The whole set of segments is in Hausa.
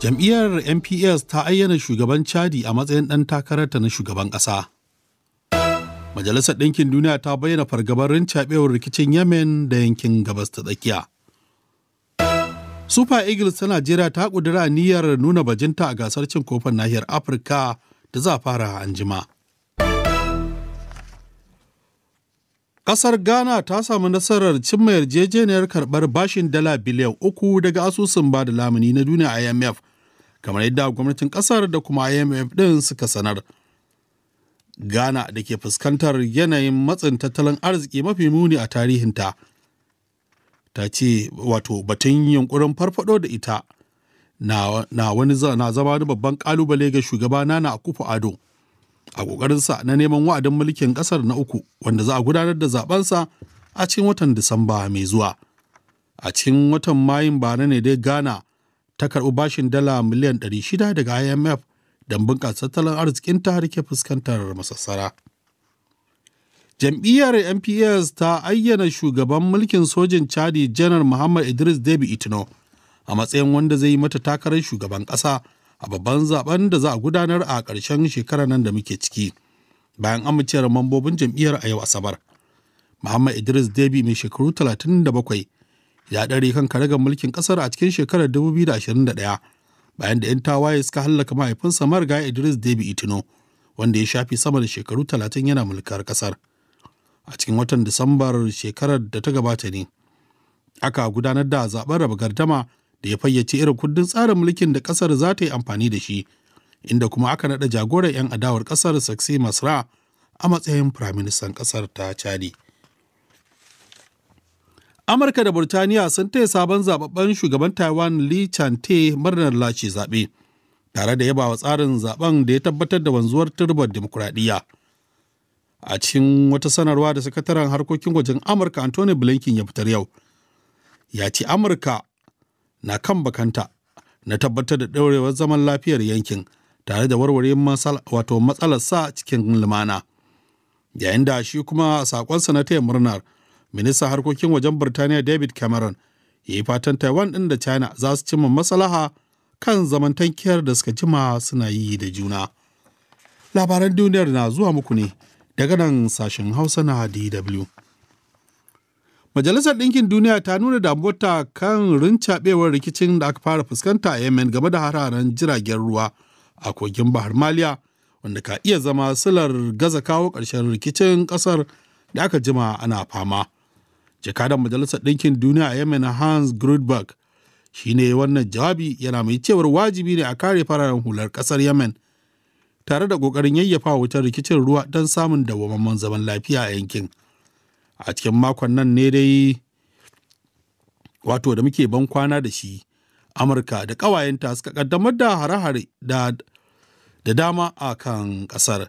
Jam'iyyar mps ta ayyana shugaban Chadi a matsayin ɗan takararta na shugaban ƙasa. Majalisar Ɗinkin Duniya ta bayyana fargabar rincaɓewar rikicin Yemen da yankin gabas ta tsakiya. Super Eagles ta Najeriya ta ƙudura niyyar nuna bajinta a gasar cin kofin nahiyar Afirka da za fara a anjima. Ƙasar Ghana ta samu nasarar cimma yarjejeniyar karɓar bashin dala biliyan uku daga asusun ba da lamuni na duniya IMF kamar yadda gwamnatin kasar da kuma imf din suka sanar ghana da ke fuskantar yanayin matsin tattalin arziki mafi muni a tarihinta ta ce wato batun yunkurin farfado da ita na, wani na zama wani babban kalubale ga shugaba nana akufo ado a ƙoƙarinsa na neman wa'adin mulkin ƙasar na uku wanda za a gudanar da zabensa a cikin watan disamba mai zuwa a cikin watan mayun bara ne dai ghana ta karɓi bashin dala miliyan 600 daga imf don bunƙasa tattalin arzikinta da ke fuskantar masassara jam'iyyar mps ta ayyana shugaban mulkin sojin chadi janar muhammad idris debi itino a matsayin wanda zai yi mata takarar shugaban ƙasa a babban zaben da za a gudanar a ƙarshen shekarar nan da muke ciki bayan amincewar mambobin jam'iyyar a yau asabar muhammad idris debi mai shekaru 37 ya ɗare kan karagar mulkin ƙasar a cikin shekarar 2021 bayan da 'yan tawaye suka hallaka mahaifinsa marga Idris Debi Itino wanda ya shafi sama da shekaru 30 yana mulkar ƙasar. A cikin watan Disambar shekarar da ta gabata ne aka gudanar da zaɓen raba gardama da ya fayyace irin kundin tsarin mulkin da ƙasar za ta yi amfani da shi inda kuma aka naɗa jagorar 'yan adawar ƙasar Saksi Masra a matsayin firaministan ƙasar ta Chadi. Amurka da Burtaniya sun taya sabon zababben shugaban Taiwan Li te murnar lace zaɓe, tare da wa tsarin zaben da ya tabbatar da wanzuwar turbar dimokuraɗiyya. A cikin wata sanarwa da sakataren harkokin wajen Amurka Anthony Blinken ya fitar yau, ya ce Amurka na kan bakanta na tabbatar da ɗaurewar zaman lafiyar yankin tare da warware wato matsalar sa cikin lumana. Yayin da shi kuma sakonsa na taya murnar ministan harkokin wajen burtaniya david cameron ya yi fatan taiwan ɗin da china za su cimma maslaha kan zamantakiyar da suka jima suna yi da juna labaran duniyar na zuwa muku ne daga nan sashen hausa na dw majalisar ɗinkin duniya ta nuna damuwarta kan rincaɓewar rikicin da aka fara fuskanta a yemen game da hararen jiragen ruwa a kogin bahar maliya wanda ka iya zama silar gaza kawo ƙarshen rikicin ƙasar da aka jima ana fama. jakadan majalisar ɗinkin duniya a yemen hans grudberg shine wannan jawabi yana mai cewar wajibi ne a kare fararen hular ƙasar yamen tare da ƙoƙarin yayyafa wutar rikicin ruwa don samun dawamamman zaman lafiya a yankin a cikin makon nan ne dai wato da muke ban kwana da shi amurka da ƙawayenta suka ƙaddamar da hare-hare da dama a kan ƙasar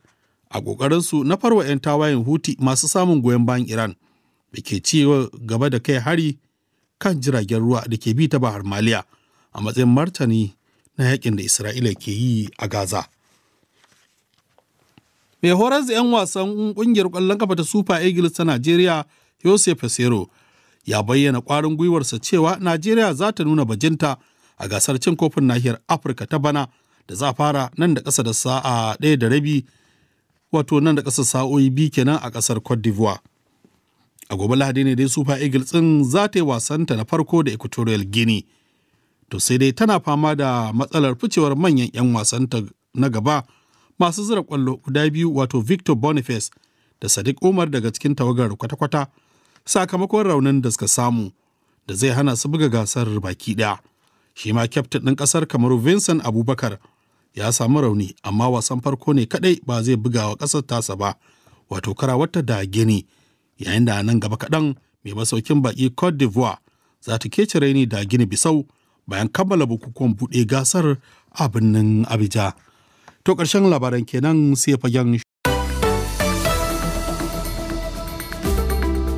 a ƙoƙarinsu na farwa 'yan tawayen huti masu samun goyon bayan iran da ke ci gaba da kai hari kan jiragen ruwa da ke bi ta bahar maliya a matsayin martani na yakin da isra'ila ke yi a gaza mai horar da 'yan wasan kungiyar kwallon kafa ta super eagles ta najeriya yosef pesero ya bayyana kwarin gwiwarsa cewa najeriya za ta nuna bajinta a gasar cin kofin nahiyar afirka ta bana da za fara nan da kasa da sa'a ɗaya da rabi wato nan da kasa sa'o'i biyu kenan a ƙasar cote d'ivoire a gobe lahadi ne dai super eagles ɗin za ta yi wasanta na farko da equatorial guinea to sai dai tana fama da matsalar ficewar manyan 'yan wasanta na gaba masu zira kwallo guda biyu wato victor boniface da sadiq umar daga cikin tawagar kwata-kwata sakamakon raunin da suka samu da zai hana su buga gasar baki daya shi ma kyaftin ɗin ƙasar kamaru vincent abubakar ya samu rauni amma wasan farko ne kaɗai ba zai buga wa ƙasar tasa ba wato karawarta da gini yayin da nan gaba kaɗan mai masaukin baƙi cote d'ivoire za ta kece raini da gini bisau bayan kammala bukukuwan buɗe gasar a birnin abija to ƙarshen labaran kenan sai fagen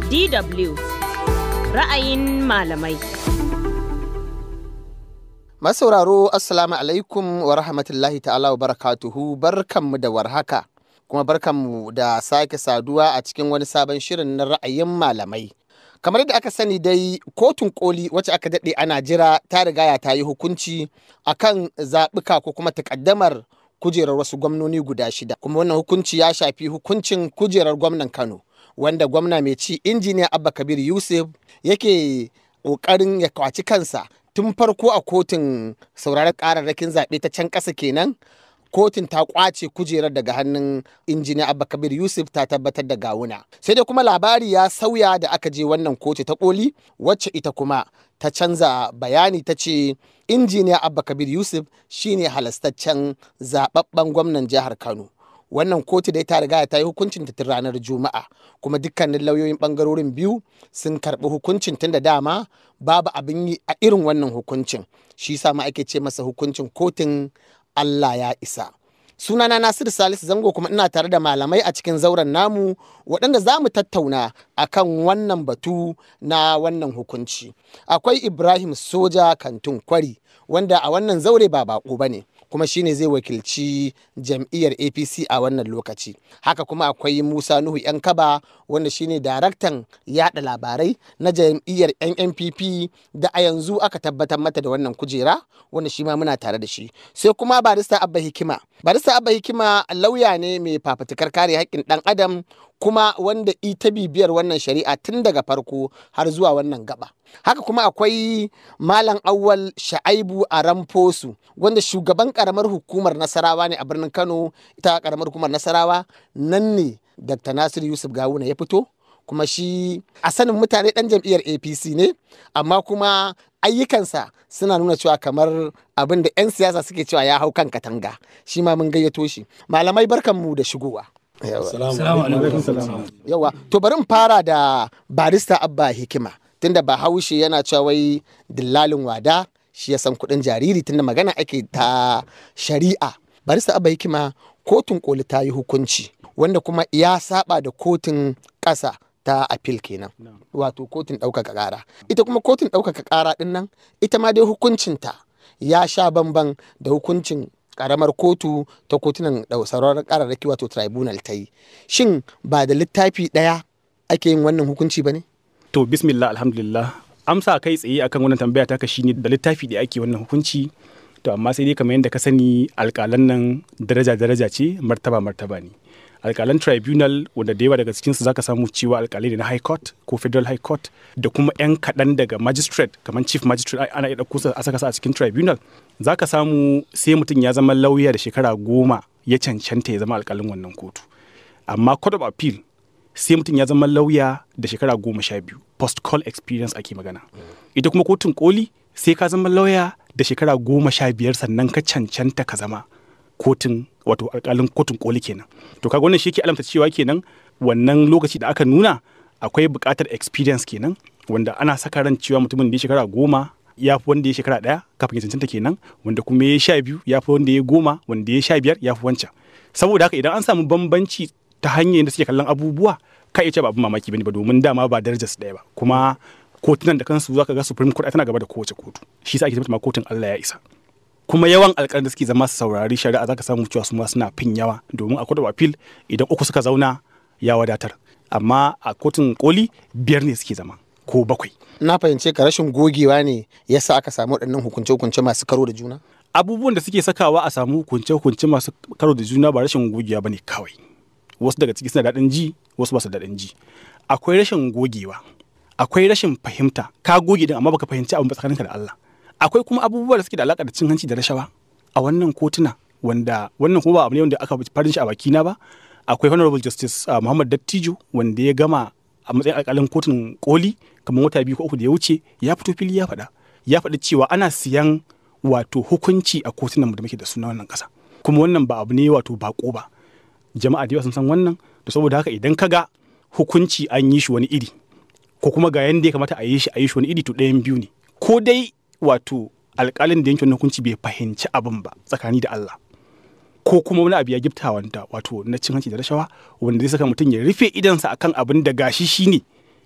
dw ra'ayin malamai masauraro assalamu alaikum wa rahmatullahi ta'ala wa barakatuhu barkanmu da warhaka kuma barkanmu da sake saduwa a cikin wani sabon shirin na ra'ayin malamai. Kamar da aka sani dai kotun koli wacce aka daɗe ana jira ta rigaya ta yi hukunci akan zaɓuka ko kuma takaddamar kujerar wasu gwamnoni guda shida kuma wannan hukunci ya shafi hukuncin kujerar gwamnan Kano wanda gwamna mai ci injiniya Abba Kabir Yusuf yake ƙoƙarin ya kwaci kansa tun farko a kotun sauraron ƙararrakin zaɓe ta can ƙasa kenan kotun ta kwace kujerar daga hannun injiniya abba kabir yusuf ta tabbatar da gawuna sai dai kuma labari ya sauya da aka je wannan kotu ta koli wacce ita kuma ta canza bayani ta ce injiniya abba kabir yusuf shine halastaccen zababben gwamnan jihar kano wannan kotu dai ta riga ta yi hukuncin tun ranar juma'a kuma dukkanin lauyoyin bangarorin biyu sun karbi hukuncin tun da dama babu abin yi a irin wannan hukuncin shi sa ma ake ce masa hukuncin kotun Allah ya isa. Sunana Nasiru Salisu Zango kuma ina tare da malamai a cikin zauren namu waɗanda za mu tattauna a kan wannan batu na wannan hukunci. Akwai Ibrahim Soja Kantun Kwari wanda a wannan zaure ba baƙo ba ne. kuma shine zai wakilci jam'iyyar apc a wannan lokaci haka kuma akwai musa nuhu yan kaba wanda shine daraktan yada labarai na jam'iyyar nnpp da a yanzu aka tabbatar mata da wannan kujera wanda shi ma muna tare da shi sai kuma barista abba hikima barista abba hikima lauya ne mai fafatukar kare haƙƙin ɗan adam kuma wanda ita bibiyar wannan shari'a tun daga farko har zuwa wannan gaba haka kuma akwai malam awwal sha'aibu a ramfosu wanda shugaban karamar hukumar nasarawa ne a birnin kano ita karamar hukumar nasarawa nan ne dr nasiru yusuf gawuna ya fito kuma shi a sanin mutane dan jam'iyyar apc ne amma kuma ayyukansa suna nuna cewa kamar abin da 'yan siyasa suke cewa ya hau kan katanga shi ma mun gayyato shi malamai barkanmu da shigowa yawa to bari mu fara da barista abba hikima tunda ba haushe yana cewa wai dillalin wada shi ya san kuɗin jariri tunda magana ake ta shari'a barista abba hikima kotun koli ta yi hukunci wanda kuma ya saba da kotun ƙasa ta apil kenan wato kotun ɗaukaka ƙara ita kuma kotun ɗaukaka ƙara ɗin nan ita ma dai hukuncinta ya sha bamban da hukuncin karamar kotu ta kotunan sauraron kararraki wato tribunal ta yi shin ba da littafi ɗaya ake yin wannan hukunci ba ne to bismillah alhamdulillah amsa kai tsaye akan wannan tambaya ta kashi ne da littafi da ake wannan hukunci to amma sai dai kamar yadda ka sani alƙalan nan daraja daraja ce martaba martaba ne alƙalan tribunal wanda da yawa daga cikinsu zaka samu cewa alƙalai ne na high court ko federal high court da kuma 'yan kaɗan daga magistrate kamar chief magistrate ana iya ɗauko a saka sa a cikin tribunal za ka samu sai mutum ya zama lauya da shekara goma ya cancanta ya zama alkalin wannan kotu amma court of appeal sai mutum ya zama lauya da shekara goma sha biyu post call experience ake magana ita kuma kotun koli sai ka zama lauya da shekara goma sha biyar sannan ka cancanta ka zama kotun wato alkalin kotun koli kenan to kaga wannan shi ke alamta cewa kenan wannan lokaci da aka nuna akwai buƙatar experience kenan wanda ana saka ran cewa mutumin da shekara goma ya fi wanda ya shekara ɗaya kafin ya cancanta kenan wanda kuma ya sha biyu ya fi wanda ya goma wanda ya sha biyar ya fi wancan saboda haka idan an samu bambanci ta hanyar da suke kallon abubuwa ka iya ce ba abin mamaki bane ba domin dama ba darajar su daya ba kuma kotunan da kansu zaka ga supreme court tana gaba da kowace kotu shi sa ake tabbata ma kotun Allah ya isa kuma yawan alƙalin da suke zama su saurari shari'a zaka samu cewa su ma suna fin yawa domin a kotun appeal idan uku suka zauna ya wadatar amma a kotun koli biyar ne suke zama ko bakwai na fahimce ka rashin gogewa ne yasa aka samu waɗannan hukunce-hukunce masu karo da juna abubuwan da suke sakawa a samu hukunce-hukunce masu karo da juna ba rashin gogewa ba ne kawai wasu daga ciki suna daɗin ji wasu ba su daɗin ji akwai rashin gogewa akwai rashin fahimta ka goge din amma baka fahimci abin tsakaninka da Allah akwai kuma abubuwa da suke da alaka da cin hanci da rashawa a wannan kotuna wanda wannan kuma ba abu ne wanda aka farin shi a bakina ba akwai honorable justice uh, Muhammad Dattijo wanda ya gama a matsayin alƙalin kotun koli kamar wata biyu ko uku da ya wuce ya fito fili ya faɗa ya faɗa cewa ana siyan wato hukunci a kotunan mu da muke da suna wannan ƙasa kuma wannan ba abu ne wato bako ba jama'a da yawa sun san wannan da saboda haka idan ka ga hukunci an yi shi wani iri ko kuma ga yanda ya kamata a yi shi a yi shi wani iri to ɗayan biyu ne ko dai wato alkalin da yanke hukunci bai fahimci abin ba tsakani da Allah ko kuma wani abu ya gifta wanda wato na cin hanci da rashawa wanda zai saka mutum ya rufe idansa akan abin da gashi shine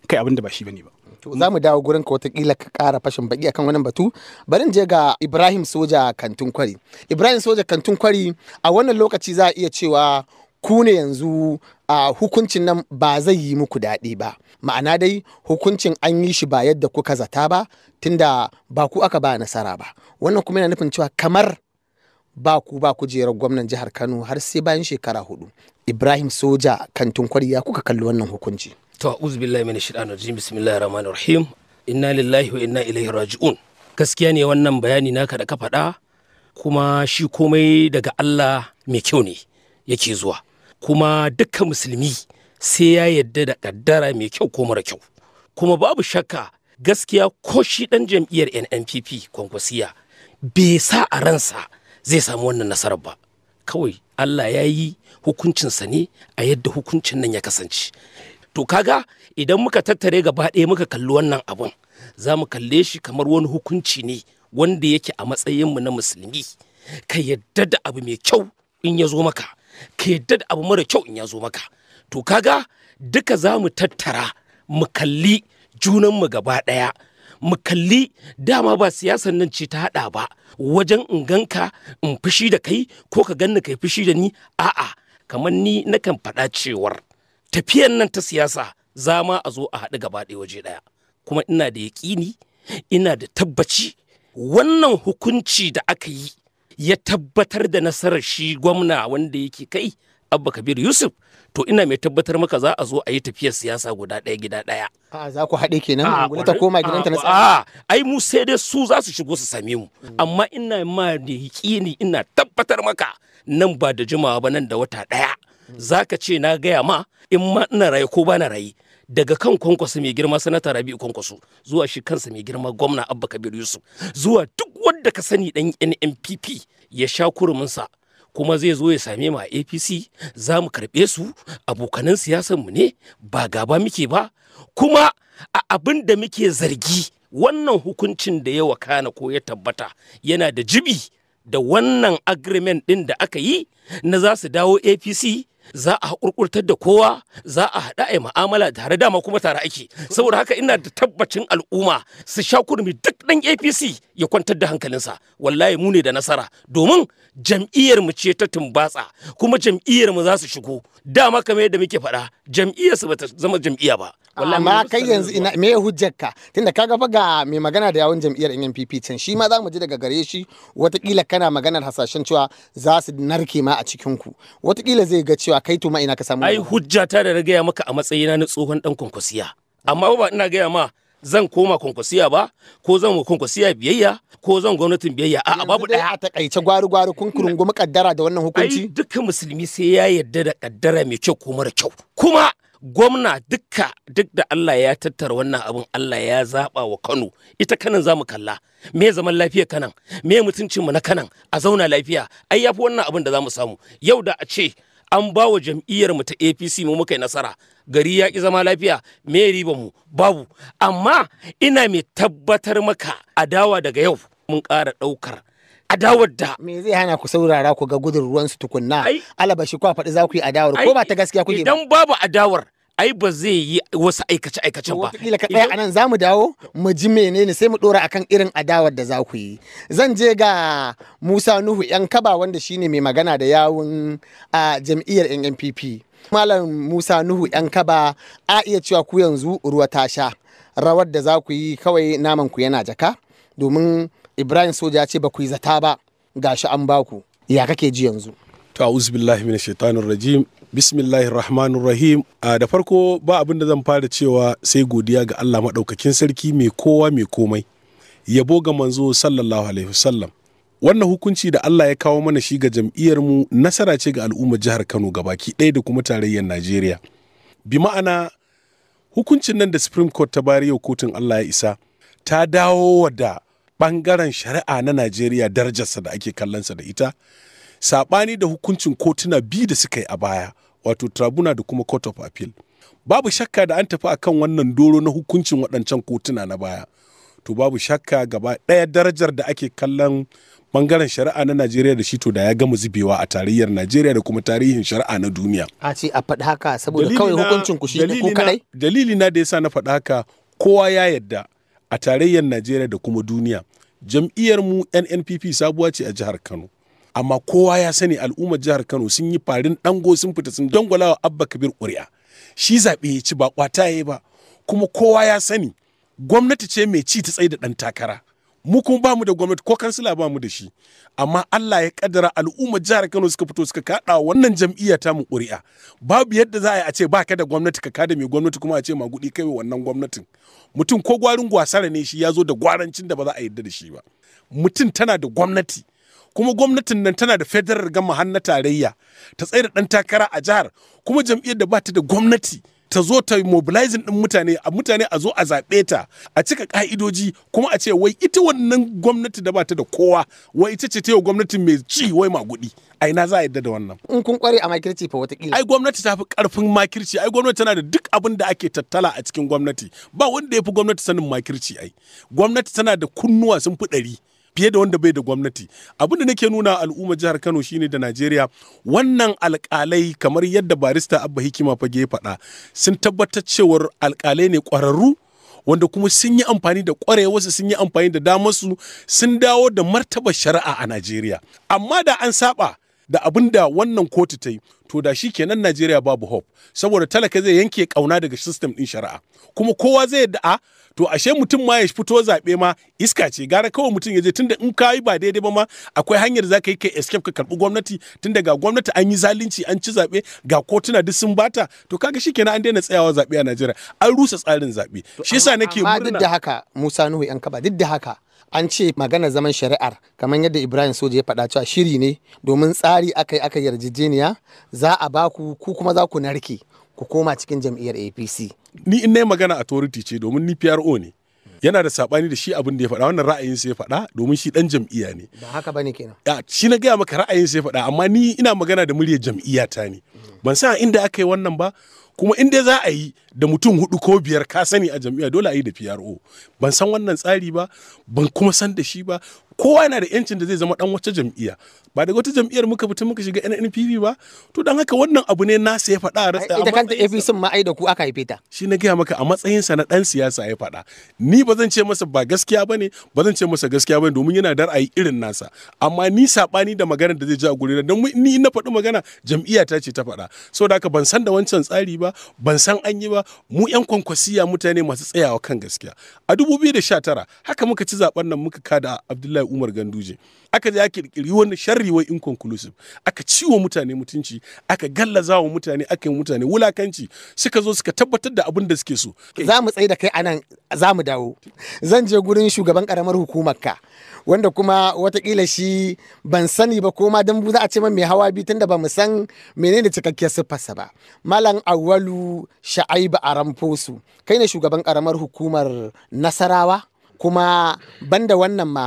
kai abin da ba shi bane ba za mu dawo gurin ka wata kila ka kara fashin baki akan wannan batu barin je ga ibrahim soja kantun kwari ibrahim soja kantun kwari a wannan lokaci za a iya cewa ku ne yanzu a hukuncin nan ba zai yi muku daɗi ba ma'ana dai hukuncin an yi shi ba yadda kuka zata ba tunda ba ku aka ba nasara ba wannan kuma yana nufin cewa kamar ba ku ba kujerar gwamnan jihar Kano har sai bayan shekara hudu. Ibrahim Soja kantin ya kuka kalli wannan hukunci. To a'udhu billahi minash shaitanir bismillahir rahmanir rahim inna lillahi wa inna ilaihi raji'un. Gaskiya ne wannan bayani naka da ka faɗa kuma shi komai daga Allah mai kyau ne yake zuwa. Kuma dukkan musulmi sai ya yadda da kaddara mai kyau ko mara kyau. Kuma babu shakka gaskiya ko shi ɗan jam'iyyar NNPP kwankwasiya bai sa a ransa zai samu wannan nasarar ba kawai Allah ya yi hukuncinsa ne a yadda hukuncin nan ya kasance to kaga idan muka tattare gaba ɗaya muka kalli wannan abun za mu kalle shi kamar wani hukunci ne wanda yake a matsayinmu na musulmi ka yadda da abu mai kyau in ya zo maka ka yadda da abu mara kyau in ya zo maka to kaga duka za mu tattara mu kalli junanmu gaba ɗaya mu kalli dama ba siyasar nan ce ta haɗa ba wajen in ganka in fushi da kai ko ka ganni kai fushi da ni a'a kamar ni nakan faɗa cewar tafiyan nan ta siyasa za ma a zo a haɗu gaba ɗaya waje ɗaya kuma ina da yaƙini ina da tabbaci wannan hukunci da aka yi ya tabbatar da nasarar shi gwamna wanda yake kai abba kabir yusuf to ina mai tabbatar maka za a zo a yi tafiyar siyasa guda ɗaya gida ɗaya a za ku haɗe kenan gudu ta koma gidanta na tsari ai mu sai dai su za su shigo su same mu mm. amma ina ma da yaƙini ina tabbatar maka nan ba da jimawa ba nan da wata ɗaya mm. zaka ce na gaya ma in ma ina raye ko ba na raye daga kan kwankwaso mai girma sanata rabi'u kwankwaso zuwa shi kansa mai girma gwamna abba kabir yusuf zuwa duk wanda ka sani dan nnpp ya sha kuruminsa kuma zai zo ya same mu a apc za mu karɓe su abokanan mu ne ba gaba muke ba kuma a abin da muke zargi wannan hukuncin da ya wakana ko ya tabbata yana da jibi da wannan agreement ɗin da aka yi na za su dawo apc za a haƙurƙurtar da kowa za a haɗa a ma'amala tare dama kuma tare ake saboda haka ina da tabbacin al'umma su sha kurmi duk ɗan apc ya kwantar da hankalinsa wallahi mu ne da nasara domin jam'iyyar mu ce ta tumbatsa kuma jam'iyyar mu za su shigo dama kamar yadda muke faɗa jam'iyyar su bata zama jam'iyya ba amma kai yanzu ina me ka tunda kaga fa ga mai magana da yawun jam'iyyar NPP can shi ma za mu ji daga gare shi watakila kana maganar hasashen cewa za su narke ma a cikin ku watakila zai ga cewa cewa kai to ina ka samu ai hujja ta da gaya maka a matsayina na tsohon dan kwankwasiya amma ba ina gaya ma zan koma kwankwasiya ba ko zan mu kwankwasiya biyayya ko zan gwamnatin biyayya a babu daya a kaice gwari gwari kun kurungumi kaddara da wannan hukunci ai dukkan musulmi sai ya yarda da kaddara mai kyau ko mara kyau kuma gwamna dukka duk da Allah ya tattara wannan abun Allah ya zaba wa Kano ita kanan zamu kalla me zaman lafiya kanan me mutuncin mu na kanan a zauna lafiya ai yafi wannan abun da zamu samu yau da a ce an ba wa jam'iyyar mu ta apc mu muka yi nasara gari ya ki zama lafiya me riba mu babu amma ina mai tabbatar maka adawa daga yau mun ƙara ɗaukar adawar da me zai hana ku saurara ku ga gudun ruwan su tukunna alabashi ku faɗi za ku yi adawar ko ba ta gaskiya kuke idan babu adawar ai ba zai yi wasu aikace aikacen ba wataƙila ka tsaya anan za mu dawo mu ji menene sai mu dora akan irin adawar da za ku yi zan je ga Musa Nuhu yan kaba wanda shine mai magana da yawun a jam'iyyar NNPP Malam Musa Nuhu yan kaba a iya cewa ku yanzu ruwa ta sha rawar da za ku yi kawai naman ku yana jaka domin Ibrahim Soja ce ba ku yi zata ba gashi an baku ya kake ji yanzu to a'udzu billahi minash shaitanir rajim bismillahi rahmanir rahim a ah, da farko ba abin da zan fara cewa sai godiya ga allah maɗaukakin sarki mai kowa mai komai yabo ga manzo sallallahu alaihi wasallam wannan hukunci da allah ya kawo mana shi ga jam'iyyar mu nasara ce ga al'ummar jihar kano gabaki ɗaya da kuma tarayyar najeriya bi ma'ana hukuncin nan da supreme court ta bari yau kotun allah ya isa ta dawo da ɓangaren shari'a na najeriya darajarsa da ake kallonsa da ita saɓani da hukuncin kotuna biyu da suka yi a baya wato tribunal da kuma court of appeal babu shakka da an tafi akan wannan doro na hukuncin waɗancan kotuna na baya to babu shakka gaba ɗaya darajar da ake kallon bangaren shari'a na najeriya da shi to da ya gama zubewa a tarihiyar najeriya da kuma tarihin shari'a na duniya a ce a faɗi haka saboda kawai hukuncin ku shi ne ku kadai dalili na da yasa na faɗi haka kowa ya yadda a tarayyar najeriya da kuma duniya jam'iyyar mu nnpp sabuwa ce a jihar kano amma kowa ya sani al'ummar jihar kano sun yi farin dango sun fita sun dangwalawa abba kabir ƙuri'a shi zaɓe ya ci ba ƙwata ya ba kuma kowa ya sani gwamnati ce mai ci ta tsaye da ɗan takara mu kuma bamu da gwamnati ko kansila ba mu da shi amma Allah ya kaddara al'ummar jihar Kano suka fito suka kada wannan jam'iyya ta mu ƙuri'a babu yadda za a yi a ce ba ka da gwamnati ka kada mai gwamnati kuma a ce magudi kai wannan gwamnatin mutum ko gwarin gwasara ne shi ya zo da gwarancin da ba za a yarda da shi ba mutum tana da gwamnati kuma gwamnatin nan tana da federal gama hannun tarayya ta tsaye da ɗan takara a jihar kuma jam'iyyar da ba ta da gwamnati ta zo ta mobilizing ɗin mutane a mutane a zo a zaɓe ta a cika ƙa'idoji kuma a ce wai ita wannan gwamnati da ba ta da kowa wai ita ce ta yau gwamnati mai ci wai magudi a ina za a yadda da wannan in kun kware a makirci fa watakila ai gwamnati ta fi karfin makirci ai gwamnati tana da duk abin da ake tattala a cikin gwamnati ba wanda ya fi gwamnati sanin makirci ai gwamnati tana da kunnuwa sun fi ɗari fiye da wanda bai da gwamnati abin da nake nuna al'umma jihar kano shine da najeriya wannan alkalai kamar yadda barista abba hikima fage faɗa sun tabbatar cewar alkalai ne kwararru wanda kuma sun yi amfani da wasu sun yi amfani da damarsu sun dawo da martaba shari'a a najeriya amma da an saba da abin da wannan kotu ta yi to da shi kenan Najeriya babu hope saboda talaka zai yanke kauna daga sistem din shari'a kuma kowa zai da'a a ah, to ashe mutum ma ya fito zaɓe ma iska ce gara kawai mutum ya je tunda in ka yi ba daidai ba ma akwai hanyar za ka yi kai escape ka karɓi gwamnati tunda ga gwamnati an yi zalunci an ci zaɓe ga kotuna duk sun bata to kaga shi kenan an daina tsayawa zaɓe a Najeriya an rusa tsarin zaɓe shi yasa nake murna duk da haka Musa Nuhu yan kaba duk da haka an ce magana zaman shari'ar kamar yadda ibrahim soja ya faɗa cewa shiri ne domin tsari aka yi aka yarjejeniya za a baku ku kuma za ku narke ku koma cikin jam'iyyar apc ni in na magana authority ce domin ni pro ne yana da sabani da shi abin da ya faɗa wannan ra'ayin sai ya faɗa domin shi dan jam'iyya ne ba haka bane kenan a shi na gaya maka ra'ayin sai ya faɗa amma ni ina magana da muryar jam'iyya ta ne ban san inda aka yi wannan ba kuma in dai za a yi da mutum hudu ko biyar ka sani a jami'a, dole a yi da PRO ban san wannan tsari ba ban kuma san da shi ba kowa yana da yancin da zai zama dan wacce jam'iyya ba daga wata jam'iyyar muka fita muka shiga NNPP ba to dan haka wannan abu ne nasa ya faɗa a ratsa ita kanta APC ma ai da ku aka haife ta shi na gaya maka a matsayin sa na dan siyasa ya faɗa ni ba zan ce masa ba gaskiya bane ba zan ce masa gaskiya bane domin yana da ra'ayi irin nasa amma ni sabani da magana da zai ji a da dan ni na faɗi magana jam'iyya ta ce ta faɗa saboda haka ban san da wancan tsari ba ban san an yi ba mu yan kwankwasiya mutane masu tsayawa kan gaskiya a 2019 haka muka ci zaben nan muka kada Abdullahi umar ganduje aka je aka kirkiri wani sharri wai inconclusive aka ciwo mutane mutunci aka gallaza wa mutane aka yi mutane wulakanci suka zo suka tabbatar da abin da suke so za mu tsaye da kai anan za mu dawo zan je gurin shugaban karamar hukumar ka wanda kuma watakila shi ban sani ba ko ma dan za a ce mai hawa bi tunda ba mu san menene cikakkiyar siffarsa ba malam awwalu sha'aibu aramfosu kai ne shugaban karamar hukumar nasarawa kuma banda wannan ma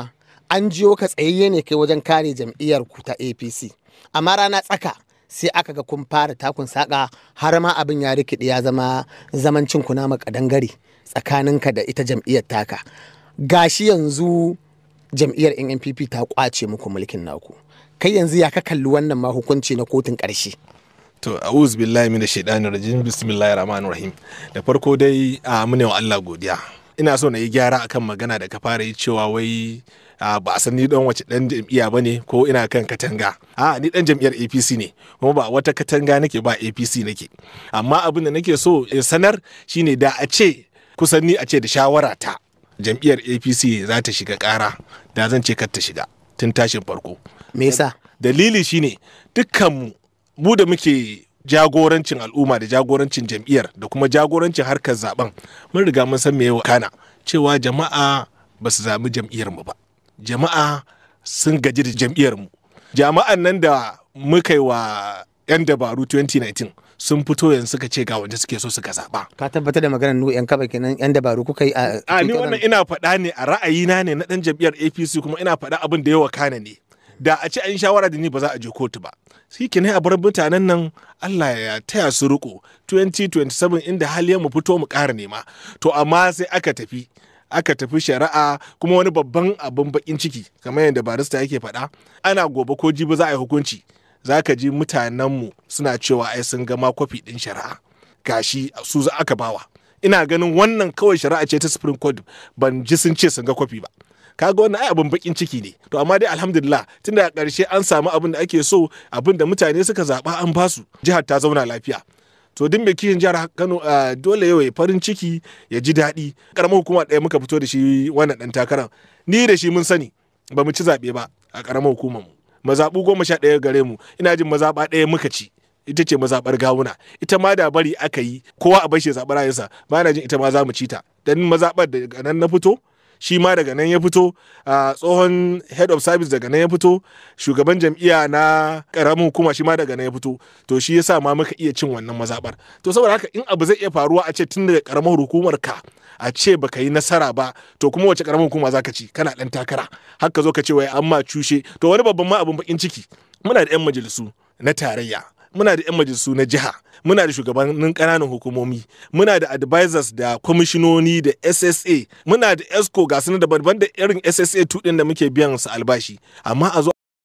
an jiyo ka tsayayye ne kai wajen kare jam'iyyar ku ta apc amma rana tsaka sai aka ga kun fara takun saka har ma abin ya rikide ya zama zamancin ku na tsakanin ka da ita jam'iyyar taka gashi yanzu jam'iyyar NNPP ta kwace muku mulkin naku kai yanzu ya ka kalli wannan ma hukunci na kotun karshe to a'udhu billahi minash shaitanir rajim bismillahir rahmanir rahim da farko dai a mune wa Allah godiya ina so na yi gyara akan magana da ka fara yi cewa wai ba a san ni dan wace dan jam'iyya ba ne ko ina kan katanga a ni dan jam'iyyar apc ne kuma ba wata katanga nake ba apc nake amma abin da nake so in sanar shine da a ce kusan ni a ce da shawara ta jam'iyyar apc za ta shiga kara da zan ce kar ta shiga tun tashin farko me yasa dalili shine dukkan mu da muke jagorancin al'umma da jagorancin jam'iyyar da kuma jagorancin harkar zaben mun riga mun san me kana cewa jama'a ba su zami jam'iyyar mu ba jama'a sun gaji da jam'iyyar mu jama'an nan da muka yi wa 'yan dabaru 2019 sun fito yanzu suka ce ga wanda suke so suka zaba. ka tabbatar da maganar nu 'yan kaba kenan 'yan dabaru kuka yi a a ni wannan ina faɗa ne a ra'ayina ne na ɗan jam'iyyar apc kuma ina faɗa abin da yawa kana ne da a ce an shawara da ni ba za a je kotu ba shi ke a bar mutanen nan Allah ya taya su riko 2027 inda hali mu fito mu ƙara nema to amma sai aka tafi aka tafi shari'a kuma wani babban abin bakin ciki kamar yadda barista yake faɗa ana gobe ko jibi za a yi hukunci za ka ji mutanenmu suna cewa ai sun gama kwafi ɗin shari'a gashi su za aka bawa ina ganin wannan kawai shari'a ce ta supreme court ban ji sun ce sun ga kwafi ba kaga wannan ai abin bakin ciki ne to amma dai alhamdulillah tunda a ƙarshe an samu abin da ake so abin da mutane suka zaɓa an basu jihar ta zauna lafiya so duk mai kishin jihar Kano dole yau ya farin ciki ya ji daɗi karamar hukuma ɗaya muka fito da shi wannan ɗan takarar ni da shi mun sani ba mu ci zaɓe ba a karamar hukumar mu mazaɓu goma sha ɗaya gare mu ina jin mazaɓa ɗaya muka ci ita ce mazaɓar gawuna ita ma da bari aka yi kowa a bar shi zaɓi rayunsa ba na jin ita ma za mu ci ta dan mazaɓar da nan na fito shi ma daga nan ya fito tsohon head of service daga nan ya fito shugaban jam'iyya na karamin hukuma shi ma daga nan ya fito to shi yasa ma muka iya cin wannan mazabar to saboda haka in abu zai iya faruwa a ce tun daga karamar hukumar ka a ce baka yi nasara ba to kuma wace karamar hukuma zaka ci kana dan takara haka zo ka ce wai amma cushe to wani babban ma abun bakin ciki muna da yan majalisu na tarayya muna da 'yan majalisu na jiha muna da shugabannin ƙananan hukumomi muna da advisors da kwamishinoni da ssa muna da esco ga su da daban da irin ssa tudin da muke biyan su albashi amma a zo